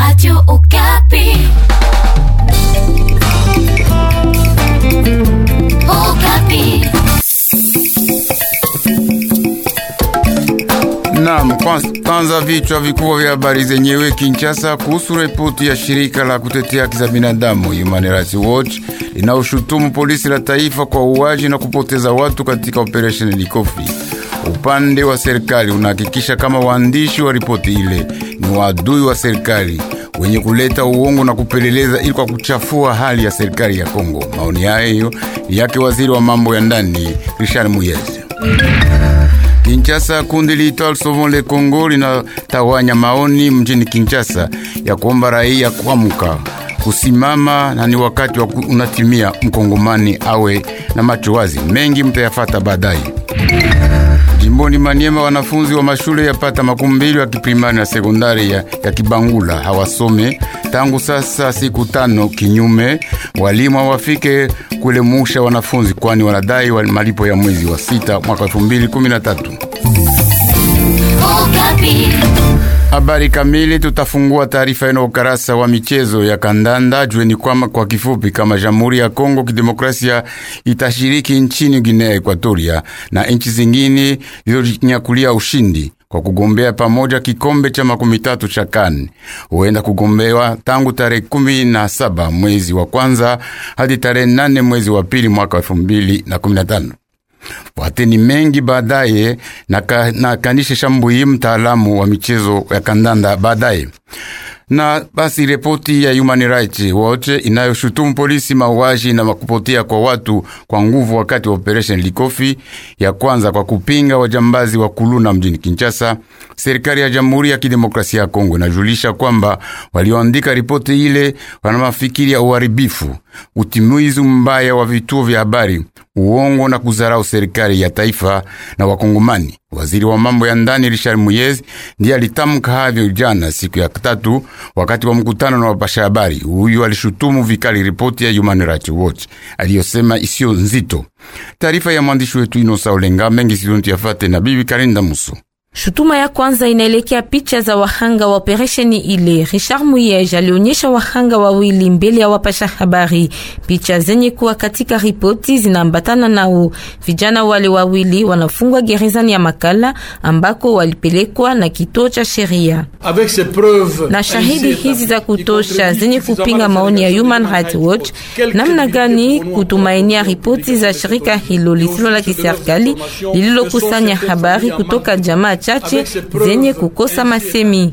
Radio Okapi. Okapi. Naam, kwanza vichwa vikubwa vya habari zenyewe. Kinshasa, kuhusu ripoti ya shirika la kutetea haki za binadamu Human Rights Watch linaoshutumu polisi la taifa kwa uwaji na kupoteza watu katika operation Likofi. Upande wa serikali unahakikisha kama waandishi wa ripoti ile ni waadui wa serikali wenye kuleta uongo na kupeleleza ili kwa kuchafua hali ya serikali ya Kongo. Maoni hayo yake waziri wa mambo ya ndani Richard muyes Kinshasa, kundi liitwa Sauvons le Congo linatawanya maoni mjini Kinshasa ya kuomba raia kuamka kusimama, na ni wakati wa unatimia mkongomani awe na macho wazi. Mengi mtayafata baadaye. Jimboni Maniema, wanafunzi wa mashule yapata makumi mbili wa kiprimari na sekondari ya, ya Kibangula hawasome tangu sasa siku tano, kinyume walimu hawafike kuelemusha wanafunzi, kwani wanadai wa malipo ya mwezi wa sita mwaka 2013. Habari kamili tutafungua taarifa ino ukarasa wa michezo ya kandanda. Jueni kwama kwa kifupi, kama Jamhuri ya Kongo Kidemokrasia itashiriki nchini Guinea Ekwatoria na nchi zingine zilizonyakulia ushindi kwa kugombea pamoja kikombe cha makumi tatu cha CAN huenda kugombewa tangu tarehe kumi na saba mwezi wa kwanza hadi tarehe nane mwezi wa pili mwaka elfu mbili na kumi na tano wateni mengi baadaye na, ka, na Kanishe Shambui, mtaalamu wa michezo ya kandanda baadaye. Na basi ripoti ya Human Rights Watch inayoshutumu polisi mauaji na makupotea kwa watu kwa nguvu wakati wa Operation Likofi ya kwanza kwa kupinga wajambazi wa kuluna mjini Kinshasa. Serikali ya Jamhuri ya Kidemokrasia ya Kongo inajulisha kwamba walioandika ripoti ile wana mafikiri ya uharibifu utimizi mbaya wa vituo vya habari, uongo na kuzarau serikali ya taifa na wakongomani. Waziri wa mambo ya ndani Richard Muyezi ndiye alitamka havyo jana siku ya tatu, wakati wa mkutano na wapasha habari. Huyu alishutumu vikali ripoti ya Human Rights Watch aliyosema isiyo nzito. Taarifa ya mwandishi wetu Inosa Olenga mengi sidontu yafate na bibi Karinda Muso. Shutuma ya kwanza inaelekea picha za wahanga wa operesheni ile. Richard Muyeja alionyesha wahanga wawili mbele ya wapasha habari. Picha zenye kuwa katika ripoti zinaambatana nao. Vijana wale wawili wanafungwa gerezani ya Makala ambako walipelekwa na kituo cha sheria. Na shahidi hizi za kutosha zenye kupinga maoni ya Human Rights Watch, namna gani kutumainia ripoti za shirika hilo lisilo la kiserikali lililokusanya habari kutoka jamaa wachache zenye kukosa masemi.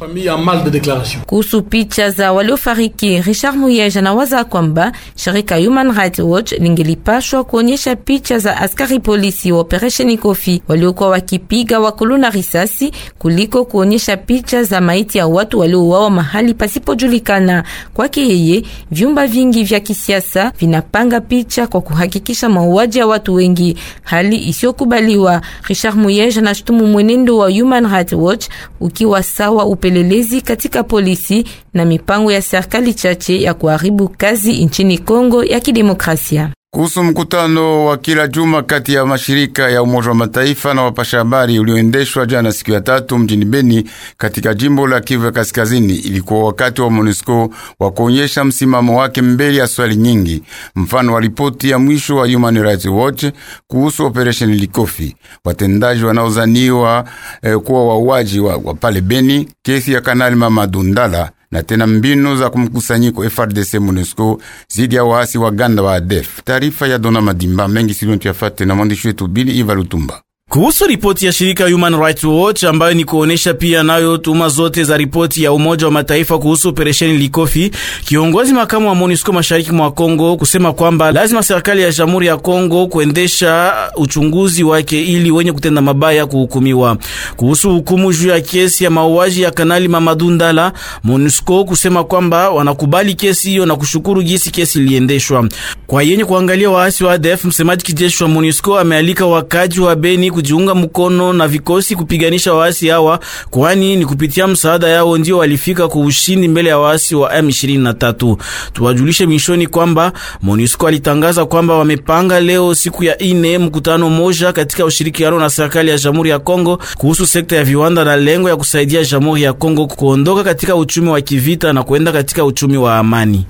Kuhusu picha za waliofariki, Richard Muyeja anawaza kwamba shirika Human Rights Watch lingelipashwa kuonyesha picha za askari polisi wa Operation Kofi waliokuwa wakipiga wakuluna risasi kuliko kuonyesha picha za maiti ya watu waliouawa mahali pasipojulikana. Kwake yeye, vyumba vingi vya kisiasa vinapanga picha kwa kuhakikisha mauaji ya watu wengi, hali isiyokubaliwa. Richard Muyeja anashutumu mwenendo wa Human Rights Watch ukiwa sawa upelelezi katika polisi na mipango ya serikali chache ya kuharibu kazi nchini Kongo ya Kidemokrasia kuhusu mkutano wa kila juma kati ya mashirika ya Umoja wa Mataifa na wapasha habari ulioendeshwa jana siku ya tatu mjini Beni katika jimbo la Kivu ya Kaskazini. Ilikuwa wakati wa MONUSCO wa kuonyesha msimamo wake mbele ya swali nyingi, mfano wa ripoti ya mwisho wa Human Rights Watch kuhusu operation Likofi, watendaji wanaozaniwa eh, kuwa wauaji wa, wa pale Beni, kesi ya Kanali Mama Dundala na tena mbinu za kumkusanyiko FRDC MONUSCO zidi ya waasi wa Ganda wa ADF. Taarifa ya Dona Madimba mengi silontu yafate na mwandishi wetu Bili Iva Lutumba. Kuhusu ripoti ya shirika Human Rights Watch ambayo ni kuonesha pia nayo tuma zote za ripoti ya Umoja wa Mataifa kuhusu operesheni Likofi, kiongozi makamu wa MONUSCO mashariki mwa Kongo kusema kwamba lazima serikali ya Jamhuri ya Kongo kuendesha uchunguzi wake ili wenye kutenda mabaya kuhukumiwa. Kuhusu hukumu juu ya kesi ya mauaji ya Kanali Mamadou Ndala, MONUSCO kusema kwamba wanakubali kesi hiyo na kushukuru jinsi kesi iliendeshwa. Kwa yenye kuangalia waasi wa ADF, msemaji kijeshi wa MONUSCO amealika wakaji wa Beni kujiunga mkono na vikosi kupiganisha waasi hawa, kwani ni kupitia msaada yao ndio walifika kwa ushindi mbele ya waasi wa M23. Tuwajulishe mishoni kwamba MONUSCO alitangaza kwamba wamepanga leo siku ya ine mkutano moja katika ushirikiano na serikali ya Jamhuri ya Kongo kuhusu sekta ya viwanda na lengo ya kusaidia Jamhuri ya Kongo kuondoka katika uchumi wa kivita na kuenda katika uchumi wa amani.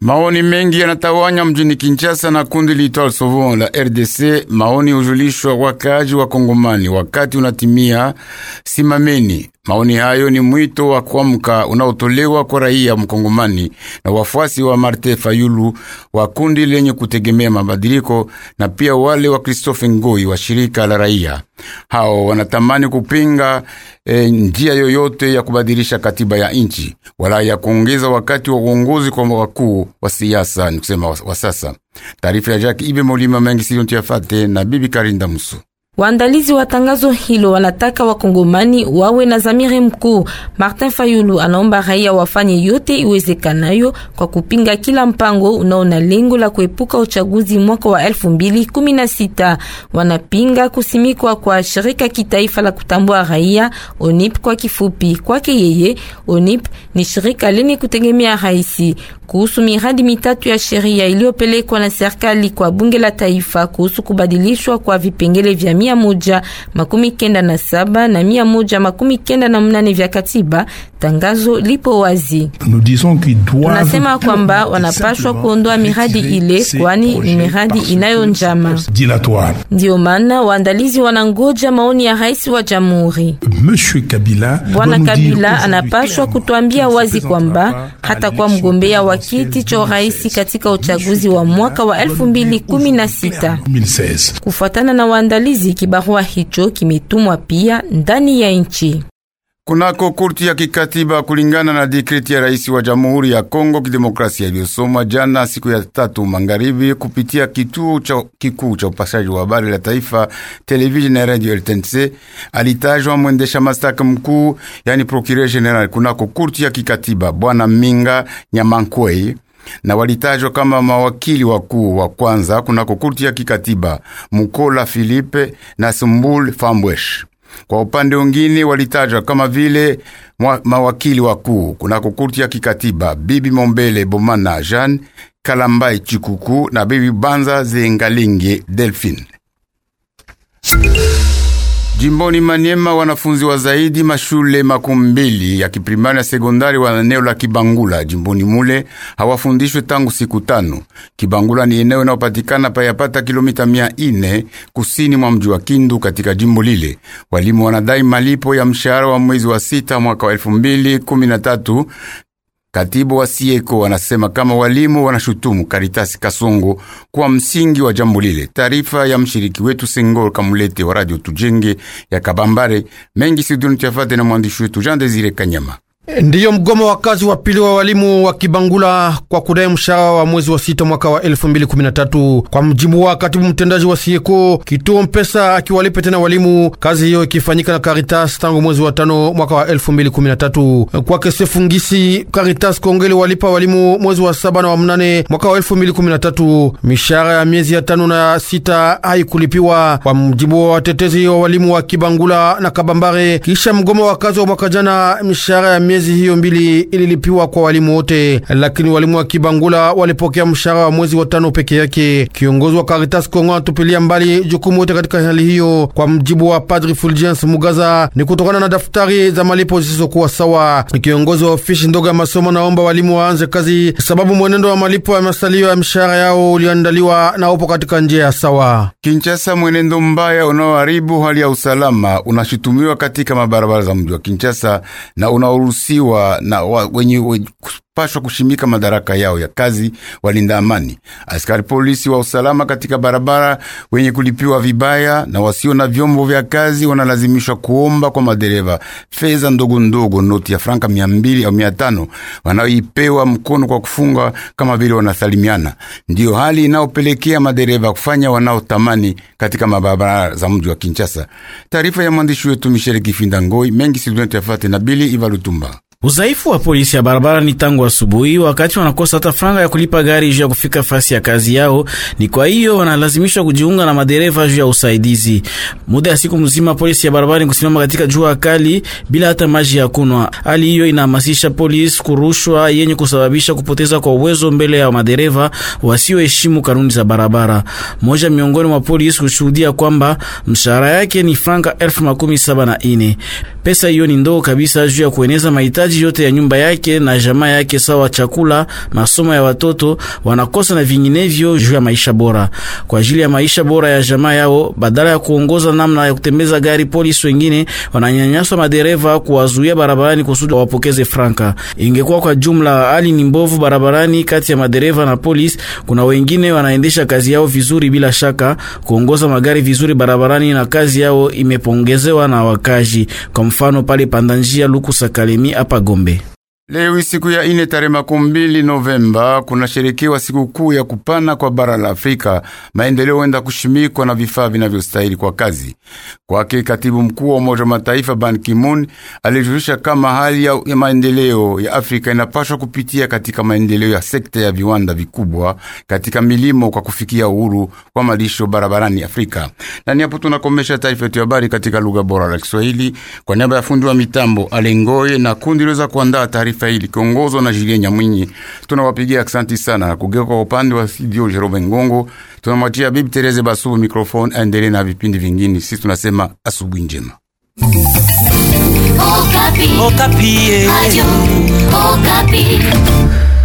Maoni mengi yanatawanya mjini Kinshasa na kundi liitwalo Sauvons la RDC. Maoni ujulishwa wakaji wa Kongomani wakati unatimia. Simameni, Maoni hayo ni mwito wa kuamka unaotolewa kwa raia mkongomani na wafuasi wa Marte Fayulu wa kundi lenye kutegemea mabadiliko na pia wale wa Christophe Ngoi wa shirika la raia. Hao wanatamani kupinga e, njia yoyote ya kubadilisha katiba ya nchi wala ya kuongeza wakati wa uongozi kwa wakuu wa siasa, ni kusema wa sasa. Taarifa ya Jack Ibe Molima mengi siyo ntiafate na bibi Karinda Musu. Waandalizi wa tangazo hilo wanataka wakongomani wawe na zamiri mkuu. Martin Fayulu anaomba raia wafanye yote iwezekanayo kwa kupinga kila mpango unaona lengo la kuepuka uchaguzi mwaka wa 2016. Wanapinga kusimikwa kwa shirika kitaifa la kutambua raia ONIP kwa kifupi. Kwake yeye, ONIP ni shirika lenye kutegemea raisi. Kuhusu miradi mitatu ya sheria iliyopelekwa na serikali kwa bunge la taifa kuhusu kubadilishwa kwa vipengele vya mia moja makumi kenda na saba na mia moja makumi kenda na mnane vya katiba tangazo lipo wazi. Tunasema kwamba wanapashwa kuondoa miradi ile, kwani ni miradi inayo njama. Ndio maana waandalizi wanangoja maoni ya rais wa jamhuri. Bwana Kabila anapashwa kutuambia wazi kwamba hata kwa mgombea wa kiti cha rais katika uchaguzi wa mwaka wa 2016 kufuatana na waandalizi. Kibarua hicho kimetumwa pia ndani ya nchi kunako kurti ya kikatiba kulingana na dekreti ya rais wa Jamhuri ya Kongo Kidemokrasia iliyosoma jana siku ya tatu magharibi kupitia kituo cha kikuu cha upashaji wa habari la taifa televisheni ya radio RTNC, alitajwa mwendesha mastaka mkuu yani procureur general kunako kurti ya kikatiba bwana Minga Nyamankwei na walitajwa kama mawakili wakuu wa kwanza kunako kurti ya kikatiba Mukola Philippe na Sumbul Fambwesh. Kwa upande wengine walitajwa kama vile mawakili wakuu kuna kurti ya kikatiba Bibi Mombele Bomana Jean Kalambai Chikuku na Bibi Banza zengalinge Delphine. Jimboni Manyema, wanafunzi wa zaidi mashule makumi mbili ya kiprimari na sekondari wa eneo la Kibangula jimboni mule hawafundishwe tangu siku tano. Kibangula ni eneo inayopatikana payapata kilomita mia ine kusini mwa mji wa Kindu katika jimbo lile. Walimu wanadai malipo ya mshahara wa mwezi wa sita mwaka wa elfu mbili kumi na tatu Katibu wa Sieko anasema kama walimu wanashutumu Karitasi Kasongo kwa msingi wa jambo lile. Taarifa ya mshiriki wetu Sengo Kamulete wa Radio Tujenge ya Kabambare mengi siduni tuyafate na mwandishi wetu Jean Desire Kanyama. Ndiyo mgomo wa kazi wa pili wa walimu wa Kibangula kwa kudai mshahara wa mwezi wa sita mwaka wa 2013 kwa mjibu wa katibu mtendaji wa Sieko kituo Mpesa akiwalipe tena walimu. Kazi hiyo ikifanyika na Caritas tangu mwezi wa tano mwaka wa 2013. Kwake Sefu Ngisi, Caritas kongeli walipa walimu mwezi wa saba na wa mnane mwaka wa 2013. Mishahara ya miezi ya tano na sita haikulipiwa kwa mjibu wa watetezi wa walimu wa Kibangula na Kabambare. Kisha mgomo wa kazi wa mwaka jana, mishahara ya miezi hiyo mbili ililipiwa kwa walimu wote, lakini walimu wa Kibangula walipokea mshahara wa mwezi wa tano peke yake. Kiongozi wa Caritas Kongo anatupilia mbali jukumu yote katika hali hiyo. Kwa mjibu wa Padri Fulgence Mugaza, ni kutokana na daftari za malipo zisizokuwa sawa. Kiongozi wa ofisi ndogo ya masomo naomba walimu waanze kazi, sababu mwenendo wa malipo ya masalio ya mshahara yao uliandaliwa na upo katika njia ya sawa. Kinshasa, mwenendo mbaya unaoharibu hali ya usalama unashutumiwa katika mabarabara za mji wa Kinshasa na unaoruhusu kuruhusiwa na wenye wanapashwa kushimika madaraka yao ya kazi, walinda amani, askari polisi wa usalama katika barabara, wenye kulipiwa vibaya na wasio na vyombo vya kazi wanalazimishwa kuomba kwa madereva fedha ndogo ndogo, noti ya franka mia mbili au mia tano wanaoipewa mkono kwa kufunga kama vile wanasalimiana. Ndiyo hali inayopelekea madereva kufanya wanaotamani katika mabarabara za mji wa Kinshasa. Taarifa ya mwandishi wetu Mishele Kifinda Ngoi mengi sidunetu yafate na Bili Ivalutumba. Uzaifu wa polisi ya ni tangu asubuhi, wa wakati wanakosa hata franga ya kulipa gari juu ya kufika fasi ya kazi yao. Ni kwa hiyo wanalazimishwa kujiunga na madereva juu ya usaidizi. Muda ya siku mzima polisi ya barabara ni kusimama katika jua kali bila hata maji ya kunwa. Hali hiyo inahamasisha polisi kurushwa yenye kusababisha kupoteza kwa uwezo mbele ya madereva wasioheshimu kanuni za barabara. Moja miongoni mwa polisi kushuhudia kwamba mshahara yake ni franga elfu makumi saba na ine. Pesa hiyo ni ndogo kabisa juu ya kueneza mahitaji mahitaji yote ya nyumba yake na jamaa yake, sawa chakula, masomo ya watoto wanakosa na vinginevyo juu ya maisha bora. Kwa ajili ya maisha bora ya jamaa yao, badala ya kuongoza namna ya kutembeza gari, polisi wengine wananyanyaswa madereva kuwazuia barabarani kusudi wapokeze franka. Ingekuwa kwa jumla hali ni mbovu barabarani kati ya madereva na polisi. Kuna wengine wanaendesha kazi yao vizuri bila shaka kuongoza magari vizuri barabarani, na kazi yao imepongezewa na wakazi. Kwa mfano pale panda njia Lukusa hapa hapa Gombe. Leo siku ya ine tarehe makumi mbili Novemba kunasherekewa sikukuu ya kupana kwa bara la Afrika, maendeleo enda kushimikwa na vifaa vinavyostahili kwa kazi kwake. Katibu mkuu wa Umoja wa Mataifa Ban Ki-moon alijulisha kama hali ya maendeleo ya Afrika inapaswa kupitia katika maendeleo ya sekta ya viwanda vikubwa katika milimo kwa kufikia uhuru kwa malisho barabarani Afrika. Na hapo tunakomesha taarifa yetu ya habari katika lugha bora la Kiswahili. Kwa niaba ya fundi wa mitambo Alengoye na kundi liweza kuandaa taarifa taifa hili kiongozwa na Julien Nyamwinyi. Tunawapigia asanti sana. Kugeuka kwa upande wa studio Jerome Ngongo, tunamwachia Bibi Tereze Basubu mikrofoni aendelee na vipindi vingine. Sisi tunasema asubuhi njema. Okapi. Oh, Okapi. Oh, eh.